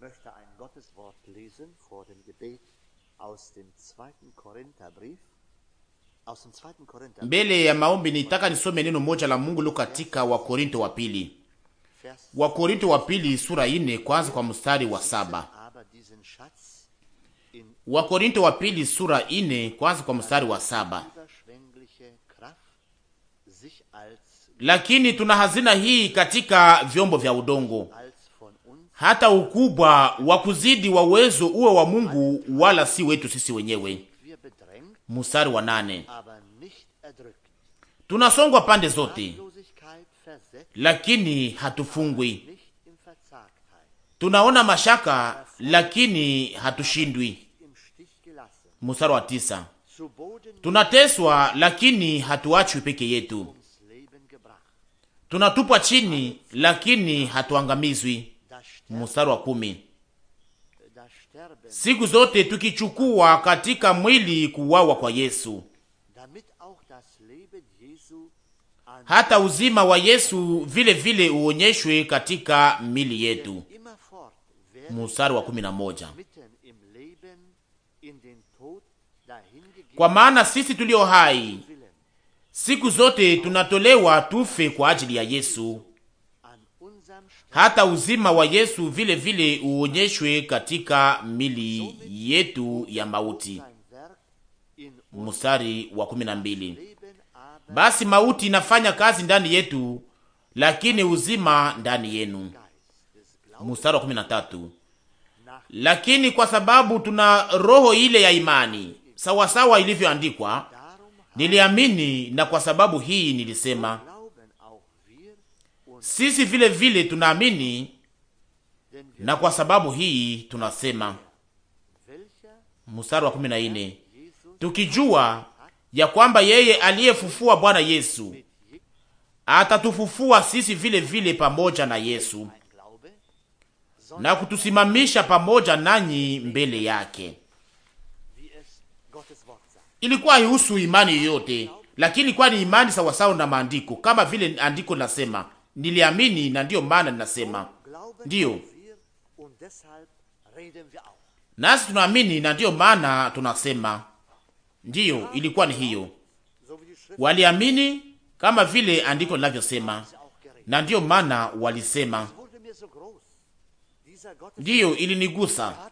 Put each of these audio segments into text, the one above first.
möchte ein Gotteswort lesen vor dem Gebet aus dem zweiten Korintherbrief. Aus dem zweiten Korinther. Mbele ya maombi nitaka nisome neno moja la Mungu liko katika Wakorinto wa pili. Wakorinto wa pili sura ine kwanza kwa mstari wa saba. Wakorinto wa pili sura ine kwanza kwa mstari wa saba. Lakini tuna hazina hii katika vyombo vya udongo hata ukubwa wa kuzidi wa uwezo uwe wa Mungu wala si wetu sisi wenyewe. Mstari wa nane, tunasongwa pande zote, lakini hatufungwi. Tunaona mashaka, lakini hatushindwi. Mstari wa tisa, tunateswa, lakini hatuachwi peke yetu. Tunatupwa chini, lakini hatuangamizwi mstari wa kumi. Siku zote tukichukua katika mwili kuwawa kwa Yesu, hata uzima wa Yesu vile vile uonyeshwe katika mili yetu. Mstari wa kumi na moja. Kwa maana sisi tulio hai siku zote tunatolewa tufe kwa ajili ya Yesu hata uzima wa Yesu vile vile uonyeshwe katika mili yetu ya mauti. Mstari wa kumi na mbili. Basi mauti inafanya kazi ndani yetu, lakini uzima ndani yenu. Mstari wa kumi na tatu. Lakini kwa sababu tuna roho ile ya imani, sawasawa ilivyoandikwa, niliamini na kwa sababu hii nilisema sisi vile vile tunaamini, na kwa sababu hii tunasema mstari wa kumi tukijua ya kwamba yeye aliyefufua Bwana Yesu atatufufua sisi vile vile pamoja na Yesu na kutusimamisha pamoja nanyi mbele yake. Ilikuwa haihusu imani yoyote, lakini kwa ni imani sawasawa na maandiko, kama vile andiko linasema niliamini, na ndiyo maana ninasema ndiyo, nasi tunaamini, na ndiyo maana tunasema ndiyo. Ilikuwa ni hiyo, waliamini kama vile andiko linavyosema, na ndiyo maana walisema ndiyo. Ilinigusa,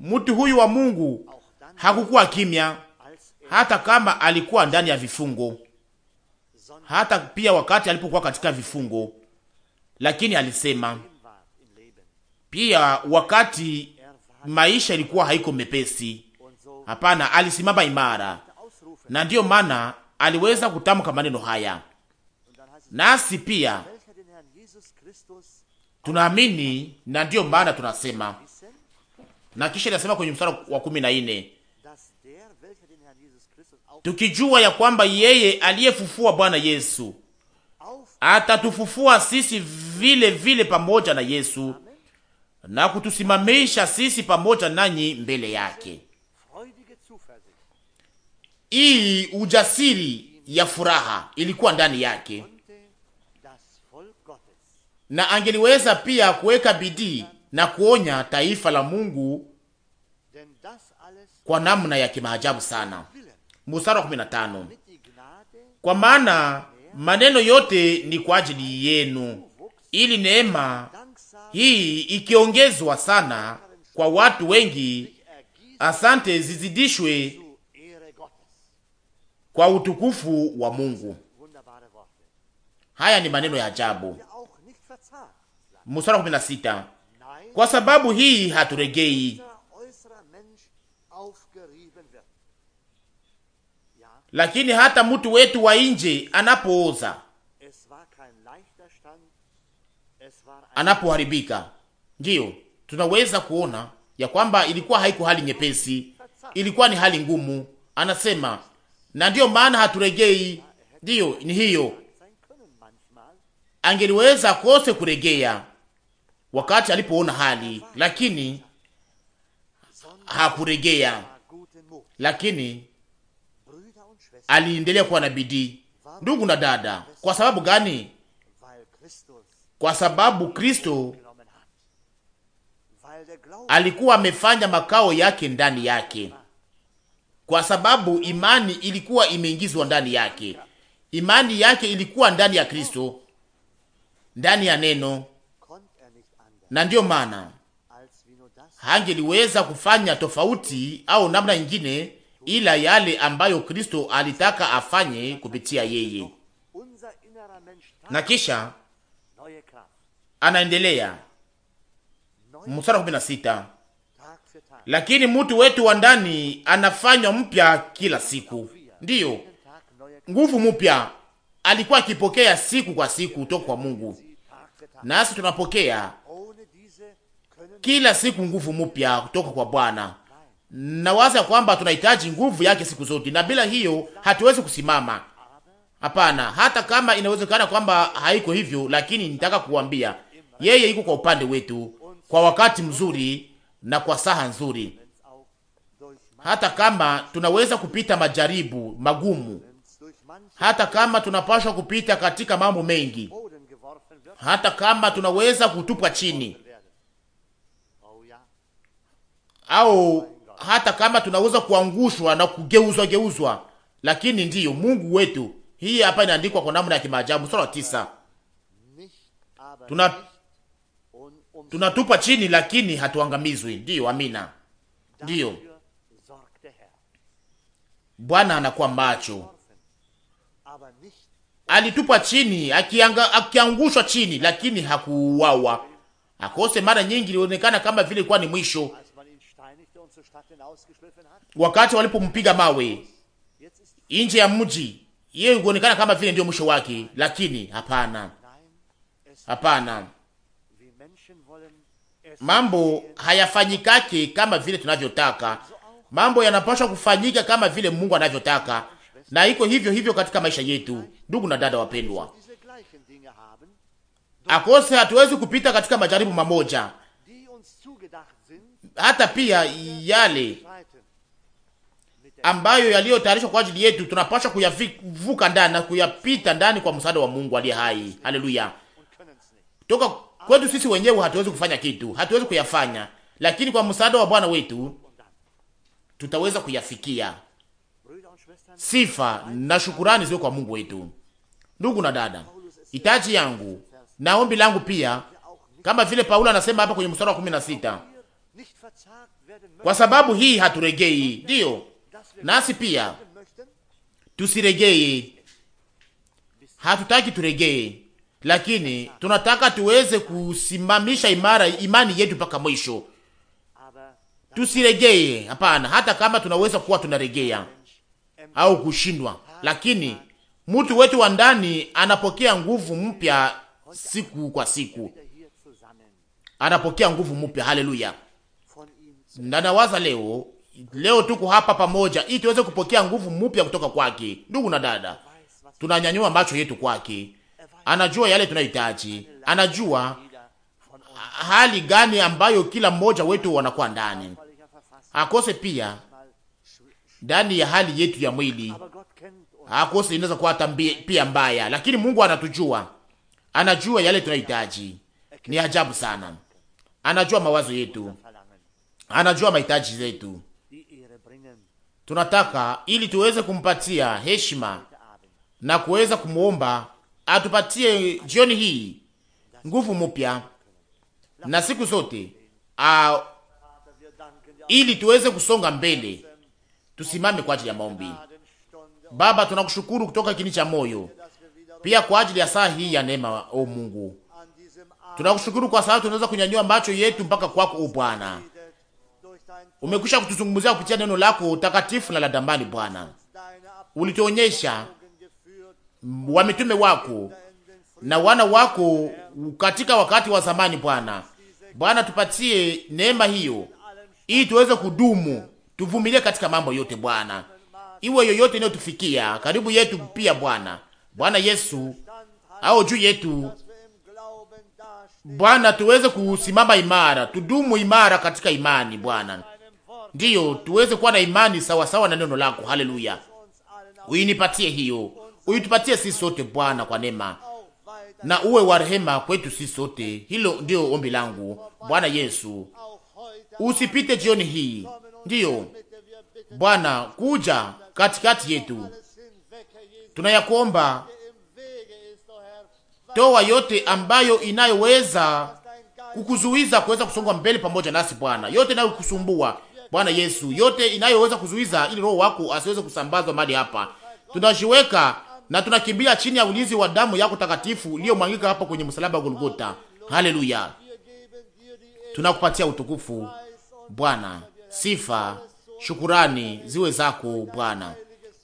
mtu huyu wa Mungu hakukuwa kimya, hata kama alikuwa ndani ya vifungo hata pia wakati alipokuwa katika vifungo, lakini alisema pia wakati maisha ilikuwa haiko mepesi. Hapana, alisimama imara, na ndiyo maana aliweza kutamka maneno haya. Nasi pia tunaamini, na ndiyo maana tunasema. Na kisha inasema kwenye mstari wa kumi na nne tukijua ya kwamba yeye aliyefufua Bwana Yesu atatufufua sisi vile vile pamoja na Yesu na kutusimamisha sisi pamoja nanyi mbele yake. Hii ujasiri ya furaha ilikuwa ndani yake, na angeliweza pia kuweka bidii na kuonya taifa la Mungu kwa namna ya kimaajabu sana mstari wa 15, kwa maana maneno yote ni kwa ajili yenu, ili neema hii ikiongezwa sana kwa watu wengi, asante zizidishwe kwa utukufu wa Mungu. Haya ni maneno ya ajabu. Mstari wa 16, kwa sababu hii haturegei lakini hata mtu wetu wa nje anapooza, anapoharibika, ndiyo tunaweza kuona ya kwamba ilikuwa haiko hali nyepesi, ilikuwa ni hali ngumu, anasema, na ndiyo maana haturegei. Ndiyo, ni hiyo, angeliweza kose kuregea wakati alipoona hali, lakini hakuregea, lakini aliendelea kuwa na bidii. Ndugu na dada, kwa sababu gani? Kwa sababu Kristo alikuwa amefanya makao yake ndani yake, kwa sababu imani ilikuwa imeingizwa ndani yake. Imani yake ilikuwa ndani ya Kristo, ndani ya neno, na ndiyo maana hangeliweza kufanya tofauti au namna ingine ila yale ambayo Kristo alitaka afanye kupitia yeye. Na kisha anaendelea mstari kumi na sita lakini mtu wetu wa ndani anafanywa mpya kila siku. Ndiyo nguvu mpya alikuwa akipokea siku kwa siku kutoka kwa Mungu, nasi tunapokea kila siku nguvu mpya kutoka kwa Bwana nawaza kwamba tunahitaji nguvu yake siku zote, na bila hiyo hatuwezi kusimama. Hapana, hata kama inawezekana kwamba haiko hivyo, lakini nitaka kuwambia yeye iko kwa upande wetu kwa wakati mzuri na kwa saha nzuri, hata kama tunaweza kupita majaribu magumu, hata kama tunapashwa kupita katika mambo mengi, hata kama tunaweza kutupwa chini au hata kama tunaweza kuangushwa na kugeuzwa geuzwa, lakini ndiyo Mungu wetu. Hii hapa inaandikwa kwa namna ya kimaajabu, sura tisa. Tuna tunatupa chini, lakini hatuangamizwi. Ndiyo, amina, ndiyo. Bwana anakuwa macho. alitupa chini, akiangushwa chini, lakini hakuuawa akose. Mara nyingi ilionekana kama vile ilikuwa ni mwisho wakati walipompiga mawe nje ya mji, yeye huonekana kama vile ndio mwisho wake, lakini hapana, hapana, mambo hayafanyikake kama vile tunavyotaka. Mambo yanapaswa kufanyika kama vile Mungu anavyotaka, na iko hivyo hivyo katika maisha yetu, ndugu na dada wapendwa. Akose hatuwezi kupita katika majaribu mamoja hata pia yale ambayo yaliyotayarishwa kwa ajili yetu tunapaswa kuyavuka ndani na kuyapita ndani kwa msaada wa Mungu aliye hai. Haleluya! Toka kwetu sisi wenyewe hatuwezi kufanya kitu, hatuwezi kuyafanya, lakini kwa msaada wa Bwana wetu tutaweza kuyafikia. Sifa na shukurani ziwe kwa Mungu wetu. Ndugu na dada, hitaji yangu na ombi langu pia, kama vile Paulo anasema hapa kwenye mstari wa 16 kwa sababu hii haturegei, ndiyo nasi pia tusiregei. Hatutaki turegee, lakini tunataka tuweze kusimamisha imara imani yetu mpaka mwisho. Tusiregee, hapana, hata kama tunaweza kuwa tunaregea au kushindwa, lakini mtu wetu wa ndani anapokea nguvu mpya siku kwa siku, anapokea nguvu mpya. Haleluya! na nawaza leo leo tuko hapa pamoja ili tuweze kupokea nguvu mpya kutoka kwake. Ndugu na dada, tunanyanyua macho yetu kwake. Anajua yale tunayohitaji, anajua hali gani ambayo kila mmoja wetu wanakuwa ndani, akose pia ndani ya hali yetu ya mwili, akose inaweza kuwa hata pia mbaya, lakini Mungu anatujua, anajua yale tunayohitaji. Ni ajabu sana, anajua mawazo yetu anajua mahitaji zetu. Tunataka ili tuweze kumpatia heshima na kuweza kumwomba atupatie jioni hii nguvu mpya na siku zote a, ili tuweze kusonga mbele. Tusimame kwa ajili ya maombi. Baba, tunakushukuru kutoka kini cha moyo pia kwa ajili ya saa hii ya neema. O Mungu, tunakushukuru kwa sababu tunaweza kunyanyua macho yetu mpaka kwako, o Bwana umekwisha kutuzungumzia kupitia neno lako takatifu na la dambani. Bwana, ulituonyesha wamitume wako na wana wako katika wakati wa zamani. Bwana, Bwana, tupatie neema hiyo ili tuweze kudumu, tuvumilie katika mambo yote Bwana, iwe yoyote inayotufikia karibu yetu pia Bwana, Bwana Yesu au juu yetu Bwana, tuweze kusimama imara, tudumu imara katika imani Bwana ndiyo tuweze kuwa na imani sawasawa na neno lako. Haleluya, uinipatie hiyo, uitupatie sisi sote Bwana kwa neema, na uwe wa rehema kwetu sisi sote. Hilo ndiyo ombi langu Bwana Yesu. Usipite jioni hii, ndiyo Bwana, kuja katikati yetu, tunayakuomba toa yote ambayo inayoweza kukuzuiza kuweza kusonga mbele pamoja nasi Bwana, yote inayokusumbua, Bwana Yesu, yote inayoweza kuzuiza ili roho wako asiweze kusambazwa mahali hapa, tunajiweka na tunakimbia chini ya ulinzi wa damu yako takatifu iliyomwangika hapa kwenye msalaba wa Golgota. Haleluya, tunakupatia utukufu Bwana, sifa shukurani ziwe zako Bwana.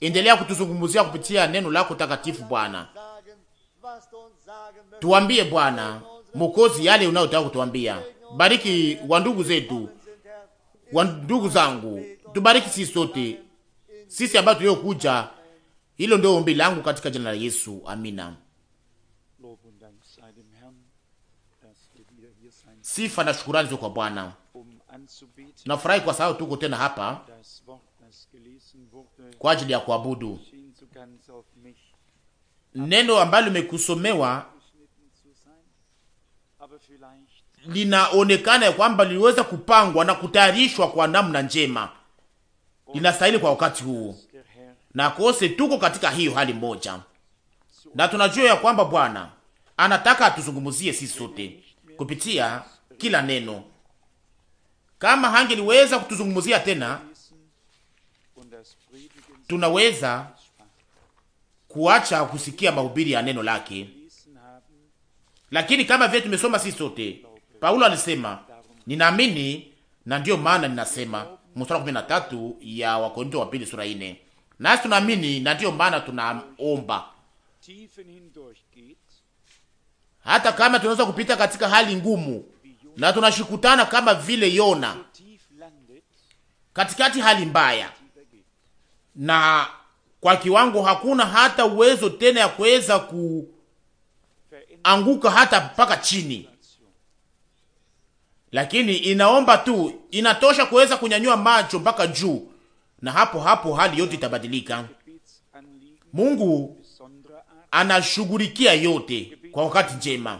Endelea kutuzungumzia kupitia neno lako takatifu Bwana. Tuambie Bwana Mokozi yale unayotaka kutuambia. Bariki wandugu zetu wa ndugu zangu, tubariki sisi sote, sisi ambao tuliokuja. Hilo ndio ombi langu katika jina la Yesu, amina. Sifa na shukurani zio kwa Bwana. Nafurahi kwa sababu tuko tena hapa kwa ajili ya kuabudu neno ambalo limekusomewa linaonekana ya kwamba liliweza kupangwa na kutayarishwa kwa namna njema, linastahili kwa wakati huu, na kose tuko katika hiyo hali moja, na tunajua ya kwamba Bwana anataka atuzungumzie sisi sote kupitia kila neno. Kama hangeliweza kutuzungumzia tena, tunaweza kuacha kusikia mahubiri ya neno lake, lakini kama vile tumesoma sisi sote Paulo alisema ninaamini na ndiyo maana ninasema, mstari 13 ya Wakorinto wa pili sura 4. Nasi tunaamini na ndiyo maana tunaomba, hata kama tunaweza kupita katika hali ngumu, na tunashikutana kama vile Yona katikati hali mbaya, na kwa kiwango hakuna hata uwezo tena ya kuweza kuanguka hata mpaka chini lakini inaomba tu, inatosha kuweza kunyanyua macho mpaka juu, na hapo hapo hali yote itabadilika. Mungu anashughulikia yote kwa wakati njema.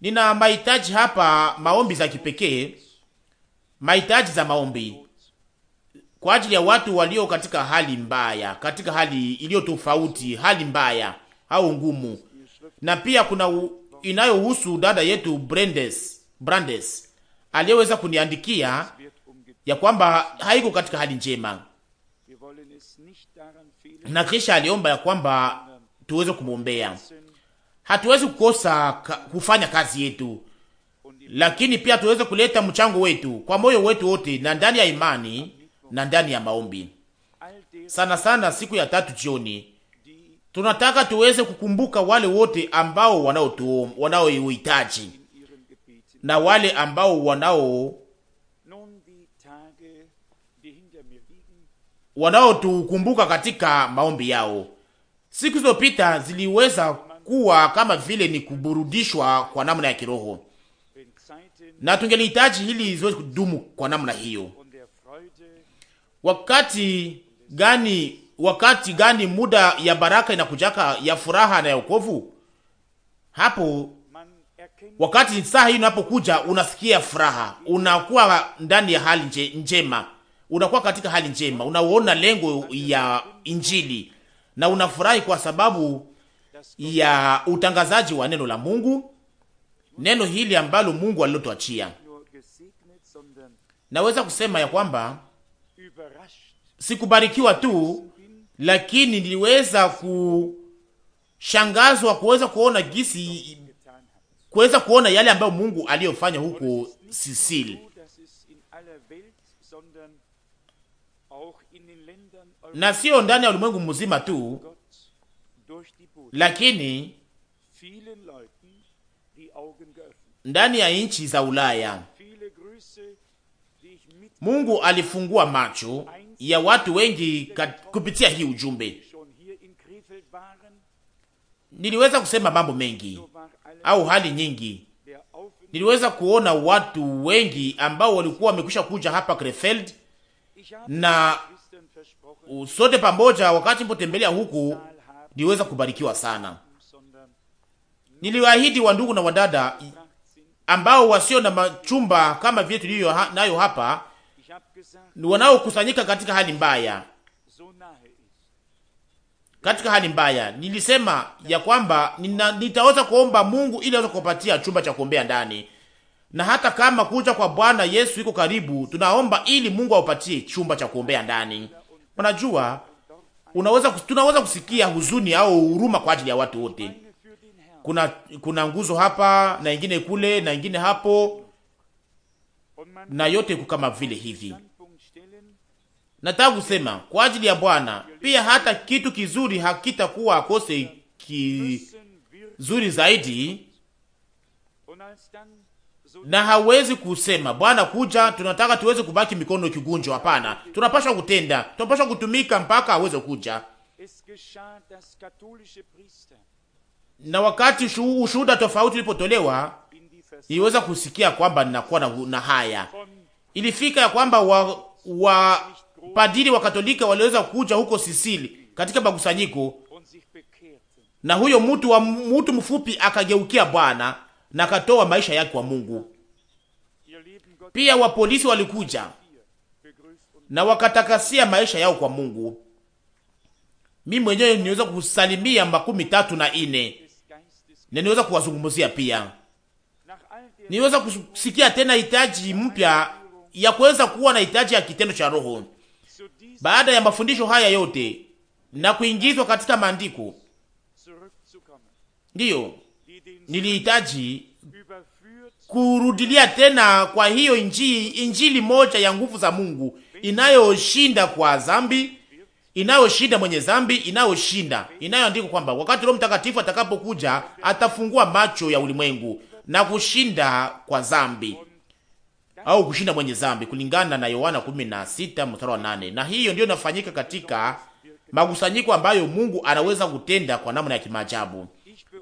Nina mahitaji hapa, maombi za kipekee, mahitaji za maombi kwa ajili ya watu walio katika hali mbaya, katika hali iliyo tofauti, hali mbaya au ngumu, na pia kuna inayohusu dada yetu Brendes Brandes aliyeweza kuniandikia ya kwamba haiko katika hali njema, na kisha aliomba ya kwamba tuweze kumwombea. Hatuwezi kukosa kufanya kazi yetu, lakini pia tuweze kuleta mchango wetu kwa moyo wetu wote na ndani ya imani na ndani ya maombi. Sana sana siku ya tatu jioni tunataka tuweze kukumbuka wale wote ambao wanaotuo wanaoihitaji na wale ambao wanao wanaotukumbuka katika maombi yao. Siku zilizopita ziliweza kuwa kama vile ni kuburudishwa kwa namna ya kiroho, na tungelihitaji hili ziweze kudumu kwa namna hiyo. Wakati gani? Wakati gani? Muda ya baraka inakujaka ya furaha na ya ukovu hapo Wakati saa hii unapokuja, unasikia furaha, unakuwa ndani ya hali nje, njema, unakuwa katika hali njema, unaona lengo ya Injili na unafurahi kwa sababu ya utangazaji wa neno la Mungu, neno hili ambalo Mungu alilotuachia. Naweza kusema ya kwamba sikubarikiwa tu, lakini niliweza kushangazwa kuweza kuona gisi kuweza kuona yale ambayo Mungu aliyofanya huko Sisili na sio ndani ya ulimwengu mzima tu, lakini ndani ya nchi za Ulaya. Mungu alifungua macho ya watu wengi kupitia hii ujumbe Niliweza kusema mambo mengi au hali nyingi. Niliweza kuona watu wengi ambao walikuwa wamekwisha kuja hapa Krefeld, na sote pamoja, wakati mpotembelea huku, niliweza kubarikiwa sana. Niliwaahidi wandugu na wadada ambao wasio na machumba kama vile tuliyo nayo hapa, wanaokusanyika katika hali mbaya katika hali mbaya. Nilisema ya kwamba nina, nitaweza kuomba Mungu ili aweze kupatia chumba cha kuombea ndani, na hata kama kuja kwa Bwana Yesu iko karibu, tunaomba ili Mungu aupatie chumba cha kuombea ndani. Unajua, unaweza tunaweza kusikia huzuni au huruma kwa ajili ya watu wote. Kuna kuna nguzo hapa na ingine kule na ingine hapo, na yote iko kama vile hivi Nataka kusema kwa ajili ya Bwana pia, hata kitu kizuri hakitakuwa akose kizuri zaidi, na hawezi kusema Bwana kuja, tunataka tuweze kubaki mikono kigunjo. Hapana, tunapashwa kutenda, tunapashwa kutumika mpaka aweze kuja. Na wakati ushuhuda tofauti ulipotolewa, niweza kusikia kwamba ninakuwa na, na haya ilifika ya kwamba wa, wa padiri wa Katolika waliweza kuja huko Sisili katika makusanyiko, na huyo mtu wa mtu mfupi akageukia Bwana na akatoa maisha yake kwa Mungu. Pia wapolisi walikuja na wakatakasia maisha yao kwa Mungu. Mimi mwenyewe niweza kusalimia makumi tatu na ine na niweza kuwazungumzia pia, niweza kusikia tena hitaji mpya ya kuweza kuwa na hitaji ya kitendo cha roho baada ya mafundisho haya yote na kuingizwa katika maandiko, ndiyo nilihitaji kurudilia tena kwa hiyo injili, injili moja ya nguvu za Mungu inayoshinda kwa dhambi, inayoshinda mwenye dhambi, inayoshinda inayoandikwa kwamba wakati Roho Mtakatifu atakapokuja atafungua macho ya ulimwengu na kushinda kwa dhambi au kushinda mwenye zambi kulingana na Yohana 16 mstari wa 8. Na hiyo ndiyo inafanyika katika makusanyiko ambayo Mungu anaweza kutenda kwa namna ya kimaajabu.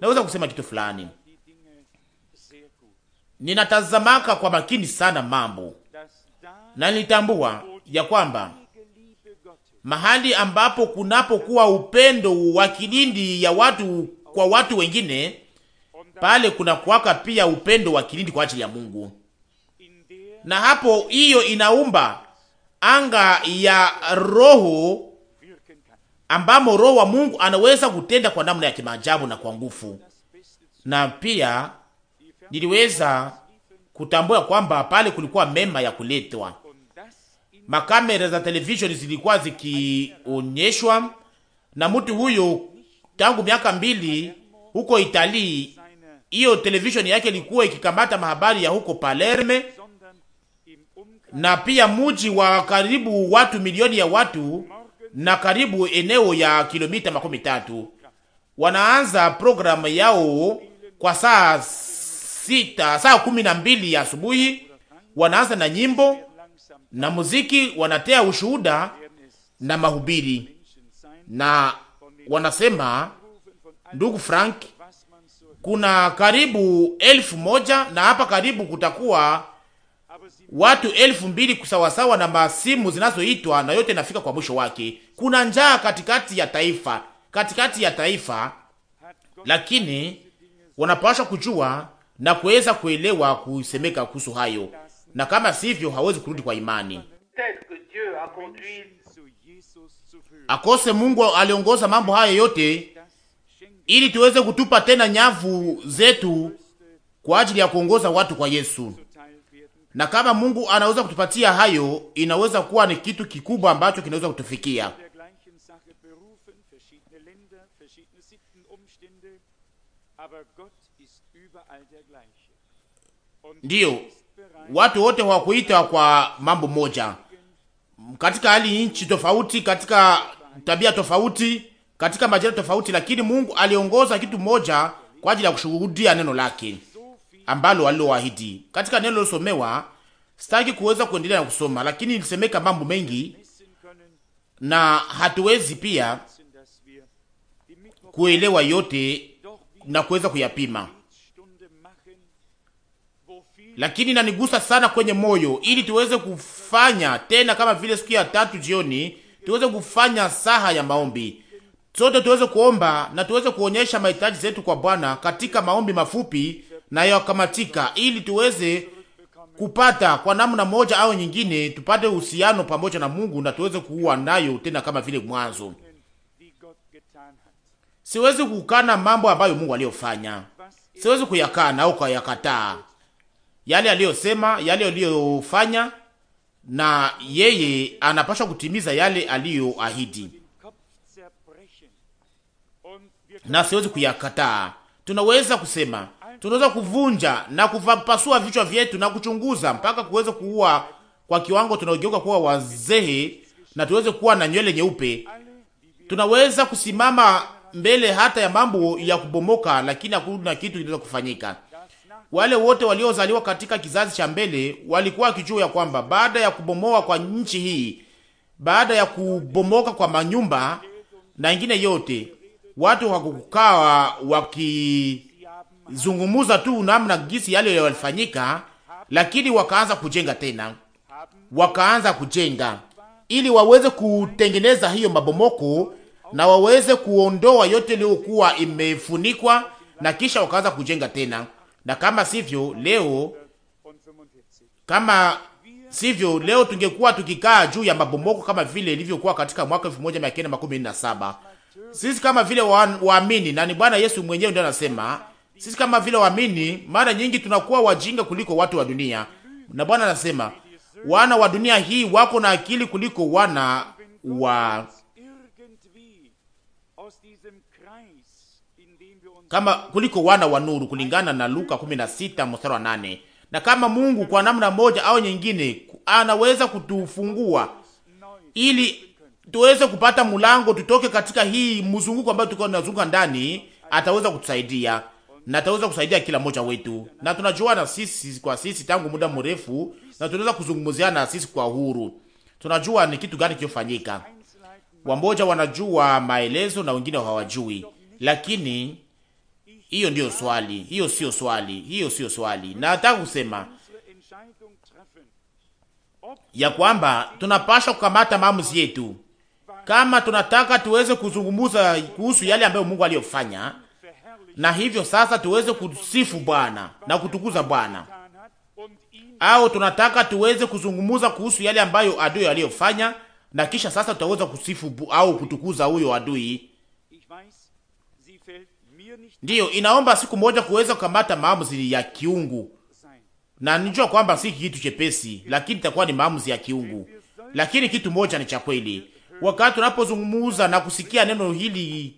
Naweza kusema kitu fulani, ninatazamaka kwa makini sana mambo na nilitambua ya kwamba mahali ambapo kunapokuwa upendo wa kilindi ya watu kwa watu wengine, pale kuna kuwaka pia upendo wa kilindi kwa ajili ya Mungu na hapo hiyo inaumba anga ya roho ambamo roho wa Mungu anaweza kutenda kwa namna ya kimaajabu na kwa nguvu. Na pia niliweza kutambua kwamba pale kulikuwa mema ya kuletwa, makamera za televisheni zilikuwa zikionyeshwa na mtu huyo tangu miaka mbili huko Italia. Hiyo televisheni yake ilikuwa ikikamata mahabari ya huko Palerme na pia muji wa karibu watu milioni ya watu na karibu eneo ya kilomita makumi tatu. Wanaanza programu yao kwa saa sita, saa kumi na mbili ya asubuhi. Wanaanza na nyimbo na muziki, wanatea ushuhuda na mahubiri, na wanasema ndugu Frank, kuna karibu elfu moja na hapa karibu kutakuwa watu elfu mbili kusawasawa na masimu zinazoitwa na yote inafika kwa mwisho wake. Kuna njaa katikati ya taifa, katikati ya taifa, lakini wanapaswa kujua na kuweza kuelewa kusemeka kuhusu hayo, na kama sivyo hawezi kurudi kwa imani akose Mungu aliongoza mambo hayo yote ili tuweze kutupa tena nyavu zetu kwa ajili ya kuongoza watu kwa Yesu na kama Mungu anaweza kutupatia hayo, inaweza kuwa ni kitu kikubwa ambacho kinaweza kutufikia. Ndiyo, watu wote hawakuitwa kwa mambo moja, katika hali nchi tofauti, katika tabia tofauti, katika majira tofauti, lakini Mungu aliongoza kitu moja kwa ajili ya kushuhudia neno lake ambalo aliloahidi. Katika neno lilosomewa, sitaki kuweza kuendelea na kusoma, lakini nilisemeka mambo mengi, na hatuwezi pia kuelewa yote na kuweza kuyapima, lakini nanigusa sana kwenye moyo, ili tuweze kufanya tena kama vile siku ya tatu jioni tuweze kufanya saha ya maombi sote tuweze kuomba na tuweze kuonyesha mahitaji zetu kwa Bwana katika maombi mafupi na yakamatika, ili tuweze kupata kwa namna moja au nyingine, tupate uhusiano pamoja na Mungu na tuweze kuua nayo tena kama vile mwanzo. Siwezi kukana mambo ambayo Mungu aliyofanya, siwezi kuyakana au kuyakataa yale aliyosema, yale aliyofanya, na yeye anapaswa kutimiza yale aliyoahidi, na siwezi kuyakataa. Tunaweza kusema tunaweza kuvunja na kuvapasua vichwa vyetu na kuchunguza mpaka kuweza kuua kwa kiwango tunaogeuka kuwa wazee na tuweze kuwa na nywele nyeupe. Tunaweza kusimama mbele hata ya mambo ya kubomoka, lakini hakuna kitu kinaweza kufanyika. Wale wote waliozaliwa katika kizazi cha mbele walikuwa wakijua ya kwamba baada ya kubomoa kwa nchi hii, baada ya kubomoka kwa manyumba na ingine yote, watu hawakukaa waki zungumuza tu namna gisi yale yalifanyika, lakini wakaanza kujenga tena, wakaanza kujenga ili waweze kutengeneza hiyo mabomoko na waweze kuondoa yote iliyokuwa imefunikwa, na kisha wakaanza kujenga tena. Na kama sivyo leo, kama sivyo leo, tungekuwa tukikaa juu ya mabomoko kama vile ilivyokuwa katika mwaka 1917 sisi kama vile waamini wa na ni Bwana Yesu mwenyewe ndiye anasema sisi kama vile waamini, mara nyingi tunakuwa wajinga kuliko watu wa dunia, na Bwana anasema wana wa dunia hii wako na akili kuliko wana wa kama kuliko wana wa nuru, kulingana na Luka 16 mstari wa 8. Na kama Mungu kwa namna moja au nyingine anaweza kutufungua ili tuweze kupata mlango tutoke katika hii mzunguko ambayo tuko tunazunguka ndani, ataweza kutusaidia na ataweza kusaidia kila mmoja wetu, na tunajuana sisi kwa sisi tangu muda mrefu, na tunaweza kuzungumziana sisi kwa huru. Tunajua ni kitu gani kilichofanyika. Wamoja wanajua maelezo na wengine hawajui, lakini hiyo ndiyo swali, hiyo sio swali, hiyo sio swali. Na nataka kusema ya kwamba tunapasha kukamata maamuzi yetu kama tunataka tuweze kuzungumza kuhusu yale ambayo Mungu aliyofanya na hivyo sasa tuweze kusifu Bwana na kutukuza Bwana, au tunataka tuweze kuzungumza kuhusu yale ambayo adui aliyofanya, na kisha sasa tutaweza kusifu au kutukuza huyo adui. Ndiyo, inaomba siku moja kuweza kukamata maamuzi ya kiungu, na nijua kwamba si kitu chepesi, lakini itakuwa ni maamuzi ya kiungu. Lakini kitu moja ni cha kweli, wakati tunapozungumza na kusikia neno hili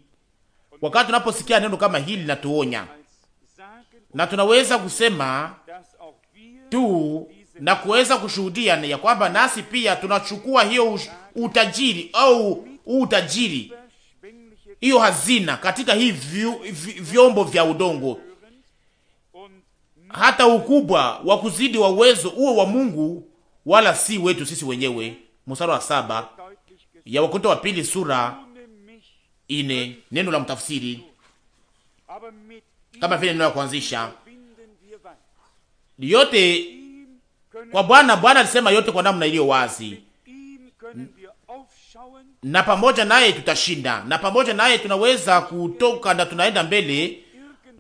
Wakati tunaposikia neno kama hili linatuonya, na tunaweza kusema tu na kuweza kushuhudia ya kwamba nasi pia tunachukua hiyo utajiri au utajiri hiyo hazina katika hii vyombo vya udongo, hata ukubwa wa kuzidi wa uwezo huo wa Mungu, wala si wetu sisi wenyewe. Mstari wa saba ya Wakorintho wa pili sura ine neno la mtafsiri kama vile neno la kuanzisha yote kwa Bwana. Bwana alisema yote kwa namna iliyo wazi, na pamoja naye tutashinda, na pamoja naye tunaweza kutoka na tunaenda mbele,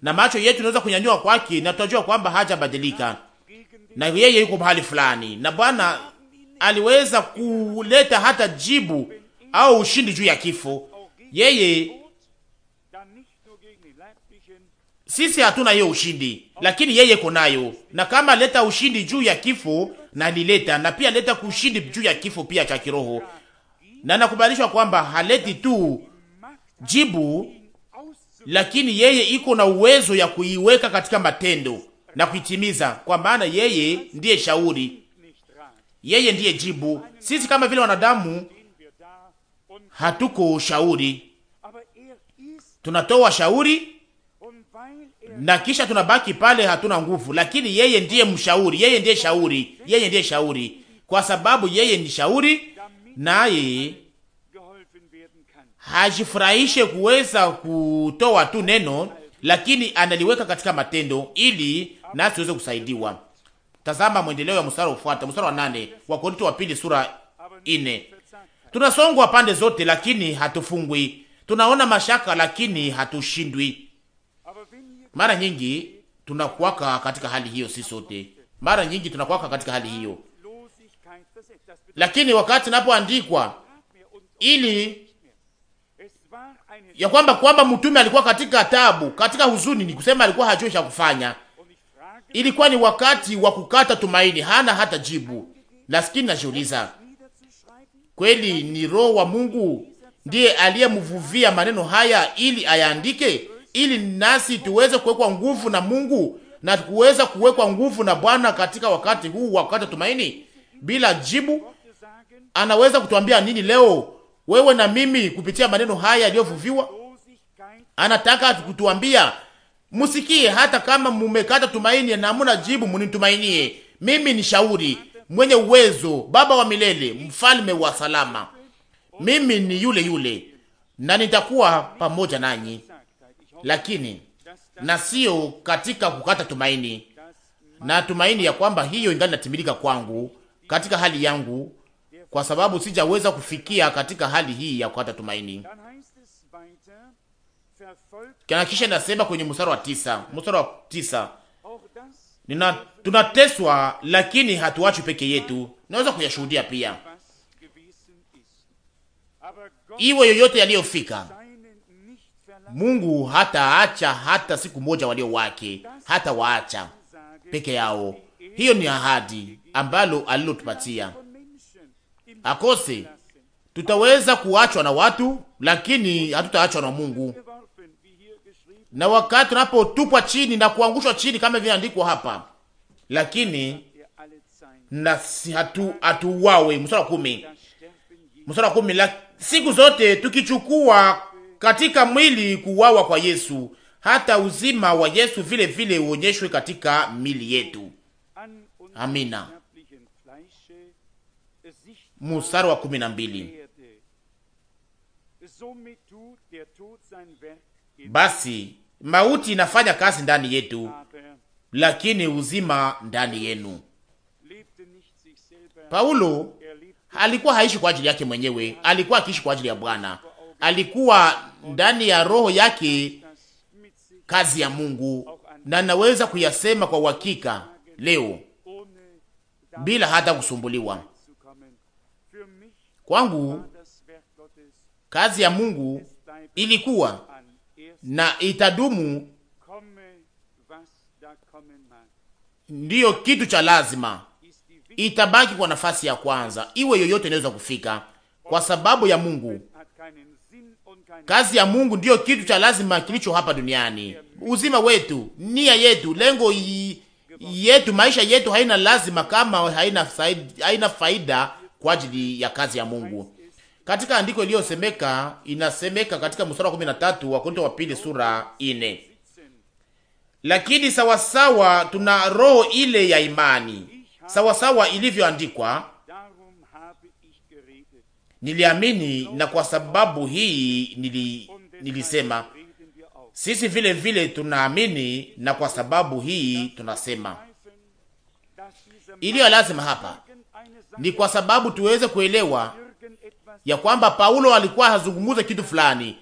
na macho yetu tunaweza kunyanyua kwake, na tutajua kwamba hajabadilika na yeye yuko mahali fulani, na Bwana aliweza kuleta hata jibu au ushindi juu ya kifo yeye sisi hatuna hiyo ushindi, lakini yeye iko nayo. Na kama leta ushindi juu ya kifo na nileta na pia leta kushindi juu ya kifo pia cha kiroho, na nakubalishwa kwamba haleti tu jibu, lakini yeye iko na uwezo ya kuiweka katika matendo na kuitimiza, kwa maana yeye ndiye shauri, yeye ndiye jibu. Sisi kama vile wanadamu hatuko shauri, er tunatoa shauri er na kisha tunabaki pale, hatuna nguvu. Lakini yeye ndiye mshauri, yeye ndiye shauri, yeye ndiye shauri, kwa sababu yeye ni shauri, naye hajifurahishe kuweza kutoa tu neno, lakini analiweka katika matendo ili nasi tuweze kusaidiwa. Tazama mwendeleo ya mstari ufuata, mstari wa nane wa Korinto wa pili sura ine. Tunasongwa pande zote, lakini hatufungwi. Tunaona mashaka, lakini hatushindwi. Mara nyingi tunakuwaka katika hali hiyo, si sote. Mara nyingi tunakuwaka katika hali hiyo, lakini wakati napoandikwa ili ya kwamba kwamba mtume alikuwa katika tabu, katika huzuni, ni kusema alikuwa hajui cha kufanya. Ilikuwa ni wakati wa kukata tumaini, hana hata jibu. Lakini najiuliza Kweli ni Roho wa Mungu ndiye aliyemvuvia maneno haya ili ayaandike, ili nasi tuweze kuwekwa nguvu na Mungu na kuweza kuwekwa nguvu na Bwana katika wakati huu wa kukata tumaini bila jibu. Anaweza kutuambia nini leo, wewe na mimi, kupitia maneno haya yaliyovuviwa? Anataka kutuambia msikie, hata kama mumekata tumaini na hamuna jibu, munitumainie. Mimi ni shauri mwenye uwezo, Baba wa milele, mfalme wa salama. Mimi ni yule yule na nitakuwa pamoja nanyi, lakini na sio katika kukata tumaini, na tumaini ya kwamba hiyo ingali natimilika kwangu katika hali yangu, kwa sababu sijaweza kufikia katika hali hii ya kukata tumaini. Kana kisha nasema kwenye mstari wa tisa, mstari wa tisa Nina, tunateswa lakini hatuachi peke yetu. Naweza kuyashuhudia pia, iwe yoyote yaliyofika, Mungu hata acha hata siku moja walio wake, hata waacha peke yao. Hiyo ni ahadi ambalo alilotupatia akose tutaweza kuachwa na watu, lakini hatutaachwa na Mungu na wakati unapotupwa chini na kuangushwa chini kama ilivyoandikwa hapa, lakini na hatu hatuwawe. Mstari wa kumi, mstari wa kumi, la, siku zote tukichukua katika mwili kuwawa kwa Yesu, hata uzima wa Yesu vile vile uonyeshwe katika mili yetu. Amina. Mstari wa kumi na mbili, basi Mauti inafanya kazi ndani yetu, lakini uzima ndani yenu. Paulo alikuwa haishi kwa ajili yake mwenyewe, alikuwa akiishi kwa ajili ya Bwana. Alikuwa ndani ya roho yake kazi ya Mungu, na naweza kuyasema kwa uhakika leo bila hata kusumbuliwa. Kwangu kazi ya Mungu ilikuwa na itadumu, ndiyo kitu cha lazima, itabaki kwa nafasi ya kwanza, iwe yoyote inaweza kufika kwa sababu ya Mungu. Kazi ya Mungu ndiyo kitu cha lazima kilicho hapa duniani. Uzima wetu, nia yetu, lengo yetu, maisha yetu haina lazima kama haina faida, haina faida kwa ajili ya kazi ya Mungu. Katika andiko iliyosemeka inasemeka katika mstari wa 13 wa Korinto wa pili sura ine, lakini sawasawa tuna roho ile ya imani, sawasawa ilivyoandikwa, niliamini na kwa sababu hii nili, nilisema. Sisi vile vile tunaamini na kwa sababu hii tunasema. Iliyo lazima hapa ni kwa sababu tuweze kuelewa ya kwamba Paulo alikuwa hazungumuze kitu fulani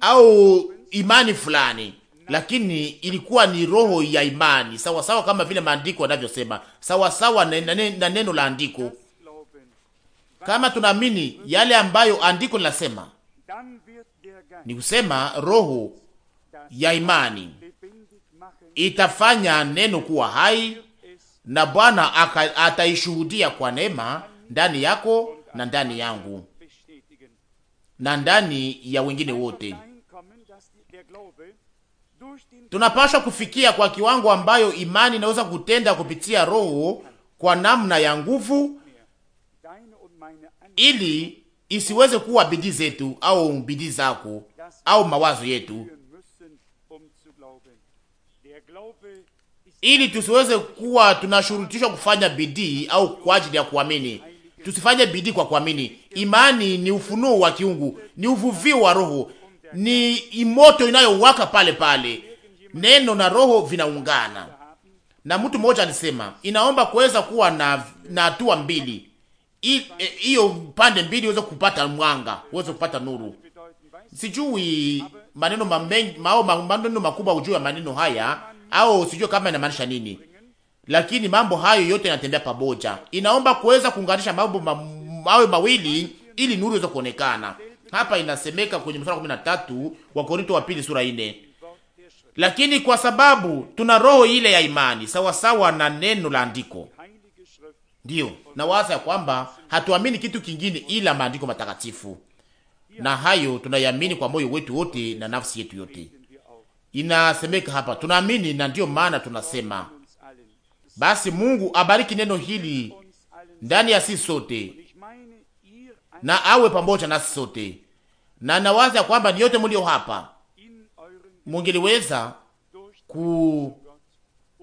au imani fulani, lakini ilikuwa ni roho ya imani sawa sawa, kama vile maandiko yanavyosema, sawa sawa na neno la andiko. Kama tunaamini yale ambayo andiko linasema, ni kusema roho ya imani itafanya neno kuwa hai, na Bwana ataishuhudia kwa neema ndani yako na ndani yangu na ndani ya wengine wote. Tunapaswa kufikia kwa kiwango ambayo imani inaweza kutenda kupitia Roho kwa namna ya nguvu, ili isiweze kuwa bidii zetu au bidii zako au mawazo yetu, ili tusiweze kuwa tunashurutishwa kufanya bidii au kwa ajili ya kuamini Tusifanye bidii kwa kuamini. Imani ni ufunuo wa kiungu, ni uvuvio wa Roho, ni imoto inayowaka pale pale. Neno na Roho vinaungana. Na mtu mmoja alisema inaomba kuweza kuwa na na hatua mbili, e, hiyo pande mbili uweze kupata mwanga, uweze kupata nuru. Sijui maneno maneno makubwa ujue ya maneno haya, au sijui kama inamaanisha nini lakini mambo hayo yote yanatembea pamoja. Inaomba kuweza kuunganisha mambo mawe mawili ili nuru iweze kuonekana. Hapa inasemeka kwenye mstari wa 13 wa Korinto wa pili sura 4. Lakini kwa sababu tuna roho ile ya imani sawa sawa na neno la andiko. Ndiyo, na waza ya kwamba hatuamini kitu kingine ila maandiko matakatifu. Na hayo tunayamini kwa moyo wetu wote na nafsi yetu yote. Inasemeka hapa tunaamini na ndiyo maana tunasema basi Mungu abariki neno hili ndani ya sisi sote na awe pamoja nasi sote, na nawaza kwamba ni yote mulio hapa mungeliweza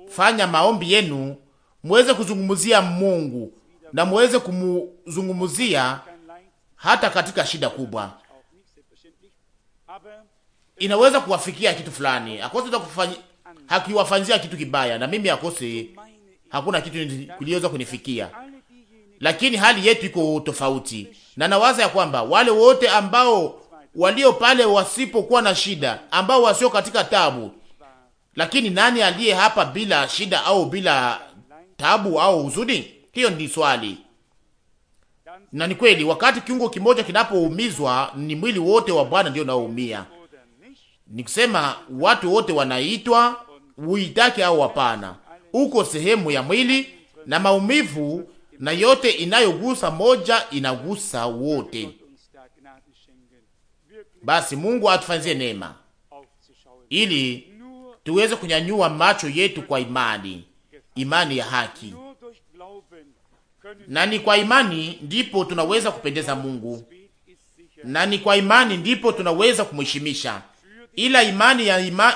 kufanya maombi yenu, muweze kuzungumzia Mungu na muweze kumuzungumzia hata katika shida kubwa inaweza kuwafikia kitu fulani akose hakiwafanyia kitu kibaya, na mimi akose hakuna kitu kiliweza kunifikia, lakini hali yetu iko tofauti, na nawaza ya kwamba wale wote ambao walio pale wasipokuwa na shida, ambao wasio katika tabu, lakini nani aliye hapa bila shida au bila tabu au huzuni? Hiyo ni swali. Na ni kweli, wakati kiungo kimoja kinapoumizwa ni mwili wote wa Bwana ndio unaoumia. Ni kusema watu wote wanaitwa uitake au hapana, uko sehemu ya mwili na maumivu na yote inayogusa moja inagusa wote. Basi Mungu atufanyie neema ili tuweze kunyanyua macho yetu kwa imani, imani ya haki, na ni kwa imani ndipo tunaweza kupendeza Mungu, na ni kwa imani ndipo tunaweza kumheshimisha, ila imani ya ima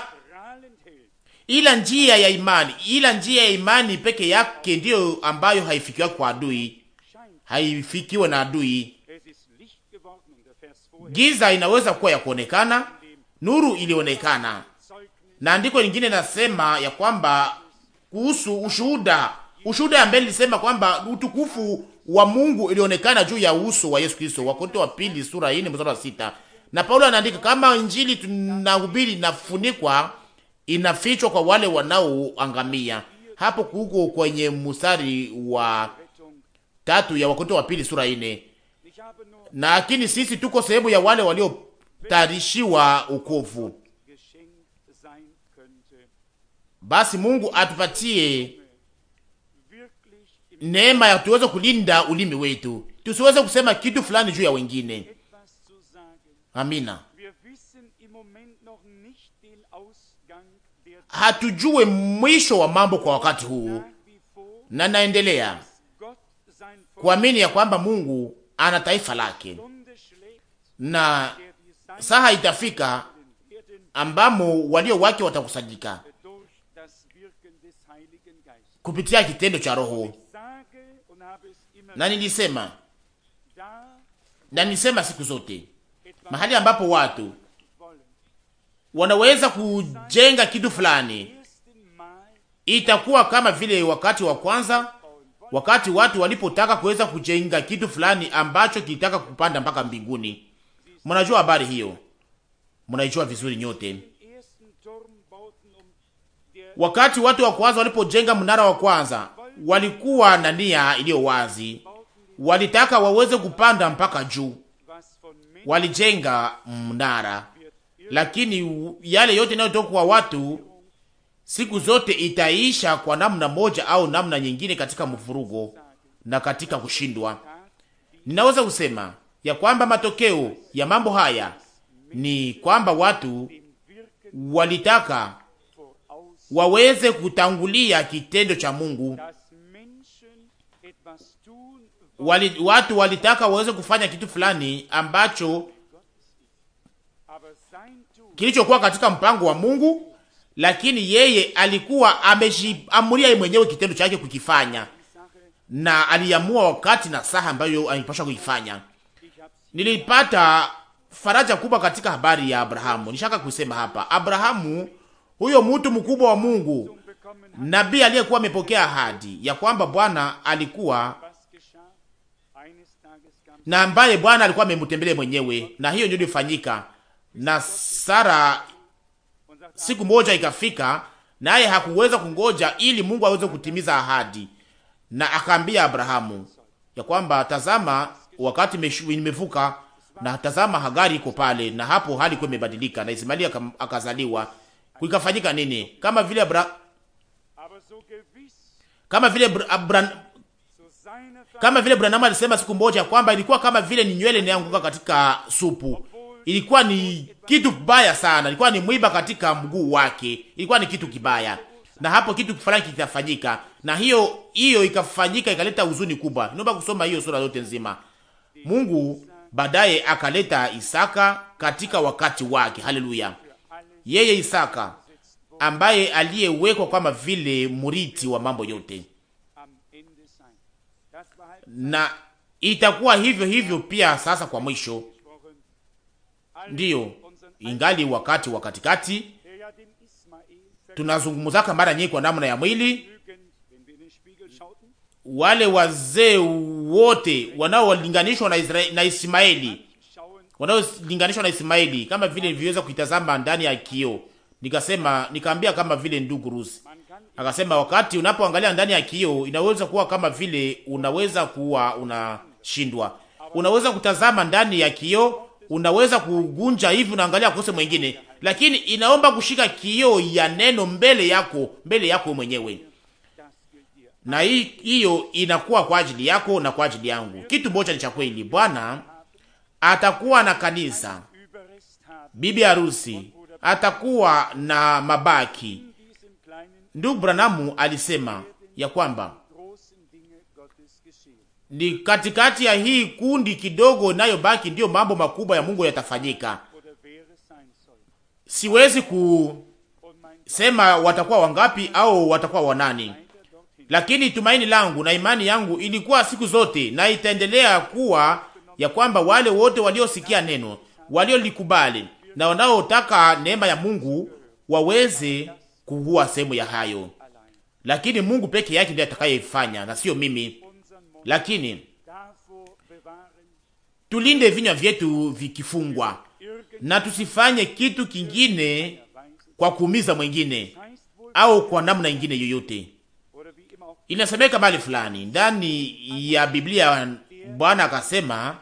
ila njia ya imani, ila njia ya imani peke yake ndiyo ambayo haifikiwa kwa adui, haifikiwe na adui. Giza inaweza kuwa ya kuonekana, nuru ilionekana. Na andiko lingine nasema ya kwamba kuhusu ushuhuda, ushuhuda ambaye nilisema kwamba utukufu wa Mungu ilionekana juu ya uso wa Yesu Kristo, Wakorintho wa pili sura 4 mstari wa 6. Na Paulo anaandika kama injili tunahubiri nafunikwa inafichwa kwa wale wanaoangamia. Hapo kuko kwenye mstari wa tatu ya Wakorintho wa pili sura ine. Lakini sisi tuko sehemu ya wale waliotarishiwa ukovu. Basi Mungu atupatie neema ya tuweze kulinda ulimi wetu, tusiweze kusema kitu fulani juu ya wengine. Amina. hatujue mwisho wa mambo kwa wakati huu, na naendelea kuamini ya kwamba Mungu ana taifa lake, na saha itafika ambamo walio wake watakusajika kupitia kitendo cha Roho. Na nilisema na nilisema siku zote mahali ambapo watu wanaweza kujenga kitu fulani. Itakuwa kama vile wakati wa kwanza, wakati watu walipotaka kuweza kujenga kitu fulani ambacho kilitaka kupanda mpaka mbinguni. Mnajua habari hiyo, mnaijua vizuri nyote. Wakati watu wa kwanza walipojenga mnara wa kwanza, walikuwa na nia iliyo wazi, walitaka waweze kupanda mpaka juu, walijenga mnara lakini yale yote inayotoka kwa watu siku zote itaisha kwa namna moja au namna nyingine, katika mvurugo na katika kushindwa. Ninaweza kusema ya kwamba matokeo ya mambo haya ni kwamba watu walitaka waweze kutangulia kitendo cha Mungu. Wali, watu walitaka waweze kufanya kitu fulani ambacho kilichokuwa katika mpango wa Mungu, lakini yeye alikuwa amejiamuria yeye mwenyewe kitendo chake kukifanya, na aliamua wakati na saha ambayo alipaswa kuifanya. Nilipata faraja kubwa katika habari ya Abrahamu. Nishaka kusema hapa, Abrahamu huyo mtu mkubwa wa Mungu, nabii aliyekuwa amepokea ahadi ya kwamba Bwana alikuwa na ambaye Bwana alikuwa amemtembelea mwenyewe, na hiyo ndio ilifanyika na Sara siku moja ikafika, naye hakuweza kungoja ili Mungu aweze kutimiza ahadi, na akaambia Abrahamu ya kwamba tazama, wakati nimevuka, na tazama Hagari iko pale. Na hapo hali kuwa imebadilika, na Ismaili akazaliwa. Kuikafanyika nini? Kama vile Abra... kama vile Abra... kama vile Branham alisema siku moja kwamba ilikuwa kama vile ni nywele inaanguka katika supu ilikuwa ni kitu kibaya sana, ilikuwa ni mwiba katika mguu wake, ilikuwa ni kitu kibaya, na hapo kitu fulani kitafanyika, na hiyo hiyo ikafanyika, ikaleta huzuni kubwa. Niomba kusoma hiyo sura yote nzima. Mungu baadaye akaleta Isaka katika wakati wake. Haleluya! Yeye Isaka ambaye aliyewekwa kama vile muriti wa mambo yote, na itakuwa hivyo hivyo pia sasa kwa mwisho ndiyo ingali wakati wa katikati, tunazungumzaka mara nyingi kwa namna ya mwili. Wale wazee wote wanaolinganishwa na Israeli na Ismaeli, wanaolinganishwa na Ismaeli, kama vile nilivyoweza kuitazama ndani ya kio nikasema nikaambia, kama vile ndugu Rusi akasema, wakati unapoangalia ndani ya kio inaweza kuwa kama vile unaweza kuwa unashindwa, unaweza kutazama ndani ya kio unaweza kugunja hivi, unaangalia kose mwingine, lakini inaomba kushika kio ya neno mbele yako, mbele yako mwenyewe, na hiyo inakuwa kwa ajili yako na kwa ajili yangu. Kitu moja ni cha kweli, Bwana atakuwa na kanisa, bibi harusi atakuwa na mabaki. Ndugu Branamu alisema ya kwamba ni katikati ya hii kundi kidogo inayobaki ndiyo mambo makubwa ya Mungu yatafanyika. Siwezi kusema watakuwa wangapi au watakuwa wanani, lakini tumaini langu na imani yangu ilikuwa siku zote na itaendelea kuwa ya kwamba wale wote waliosikia neno, waliolikubali na wanaotaka neema ya Mungu waweze kuhua sehemu ya hayo, lakini Mungu peke yake ndiye atakayefanya na sio mimi lakini tulinde vinywa vyetu vikifungwa, na tusifanye kitu kingine kwa kuumiza mwengine au kwa namna ingine yoyote. Inasemeka mahali fulani ndani ya Biblia, Bwana akasema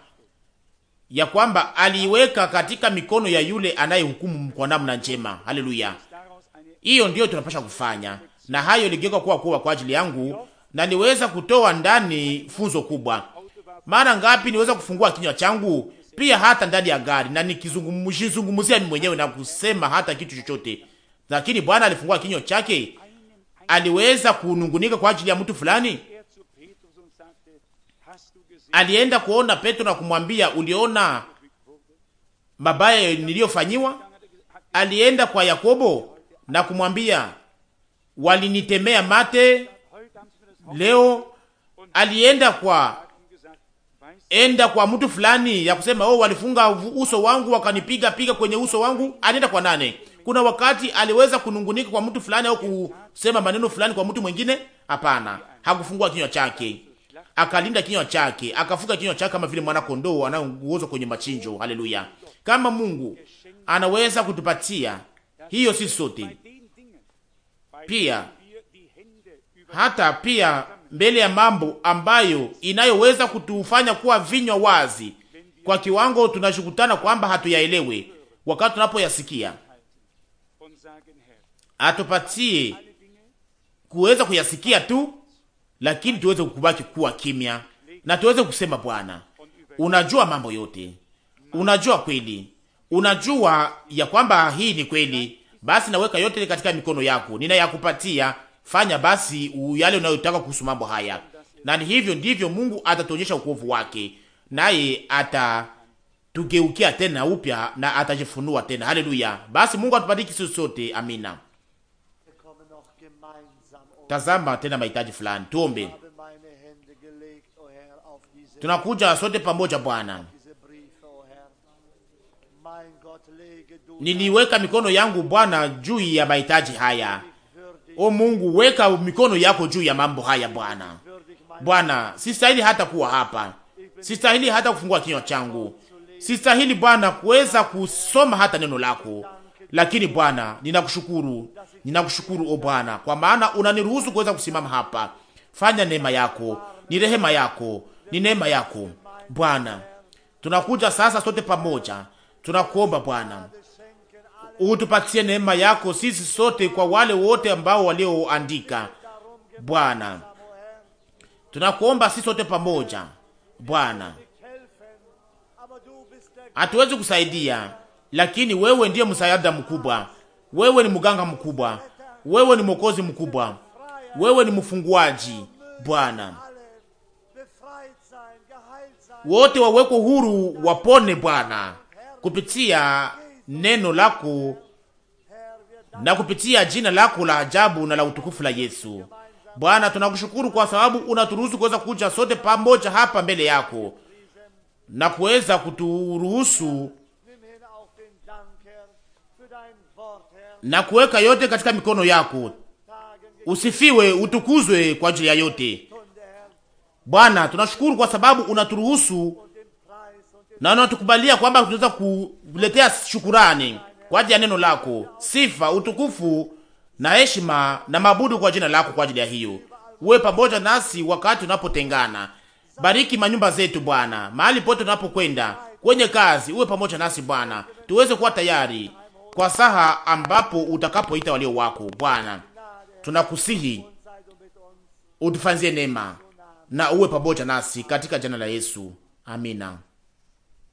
ya kwamba aliweka katika mikono ya yule anayehukumu kwa namna njema. Haleluya! Hiyo ndiyo tunapasha kufanya, na hayo ligeuka kuwa kuwa kwa ajili yangu na niweza kutoa ndani funzo kubwa. Mara ngapi niweza kufungua kinywa changu pia hata ndani ya gari na nikizungumzia mimi mwenyewe na kusema hata kitu chochote, lakini Bwana alifungua kinywa chake, aliweza kunungunika kwa ajili ya mtu fulani. Alienda kuona Petro na kumwambia, uliona mabaya niliyofanyiwa? Alienda kwa Yakobo na kumwambia, walinitemea mate leo alienda kwa enda kwa mtu fulani ya kusema oh, walifunga uso wangu wakanipiga piga kwenye uso wangu. Alienda kwa nane. Kuna wakati aliweza kunungunika kwa mtu fulani au kusema maneno fulani kwa mtu mwingine? Hapana, hakufungua kinywa chake, akalinda kinywa chake, akafuka kinywa chake kama vile mwana kondoo anayeongozwa kwenye machinjo. Haleluya! Kama Mungu anaweza kutupatia hiyo, sisi sote pia hata pia mbele ya mambo ambayo inayoweza kutufanya kuwa vinywa wazi kwa kiwango tunashukutana kwamba hatuyaelewe wakati tunapoyasikia. Atupatie kuweza kuyasikia tu, lakini tuweze kubaki kuwa kimya na tuweze kusema, Bwana, unajua mambo yote, unajua kweli, unajua ya kwamba hii ni kweli. Basi naweka yote katika mikono yako, ninayakupatia fanya basi yale unayotaka kuhusu mambo haya, na ni hivyo ndivyo Mungu atatuonyesha ukovu wake, naye atatugeukia tena upya na atajifunua tena. Haleluya! Basi Mungu atubariki sisi sote, amina. Tazama tena mahitaji fulani, tuombe. Tunakuja sote pamoja Bwana, niliweka mikono yangu Bwana juu ya mahitaji haya O oh, Mungu, weka mikono yako juu ya mambo haya Bwana. Bwana, sistahili hata kuwa hapa, sistahili hata kufungua kinywa changu, sistahili Bwana kuweza kusoma hata neno lako, lakini Bwana ninakushukuru, ninakushukuru o Bwana, kwa maana unaniruhusu kuweza kusimama hapa. Fanya neema yako, ni rehema yako, ni neema yako Bwana. Tunakuja sasa sote pamoja, tunakuomba Bwana utupatie neema yako sisi sote, kwa wale wote ambao walioandika. Bwana, tunakuomba sisi sote pamoja. Bwana, hatuwezi kusaidia, lakini wewe ndiye msaada mkubwa. Wewe ni mganga mkubwa, wewe ni mwokozi mkubwa, wewe ni mfunguaji. Bwana, wote wawekwe huru, wapone Bwana, kupitia neno lako na kupitia jina lako la ajabu na la utukufu la Yesu. Bwana, tunakushukuru kwa sababu unaturuhusu kuweza kuja sote pamoja hapa mbele yako na kuweza kuturuhusu na kuweka yote katika mikono yako. Usifiwe, utukuzwe kwa ajili ya yote Bwana. Tunashukuru kwa sababu unaturuhusu na unatukubalia kwamba tunaweza kuletea shukurani kwa ajili ya neno lako, sifa, utukufu na heshima na mabudu kwa jina lako. Kwa ajili ya hiyo, uwe pamoja nasi wakati tunapotengana. Bariki manyumba zetu Bwana, mahali pote tunapokwenda kwenye kazi, uwe pamoja nasi Bwana, tuweze kuwa tayari kwa saha ambapo utakapoita walio wako. Bwana, tunakusihi utufanzie neema na uwe pamoja nasi katika jina la Yesu, amina.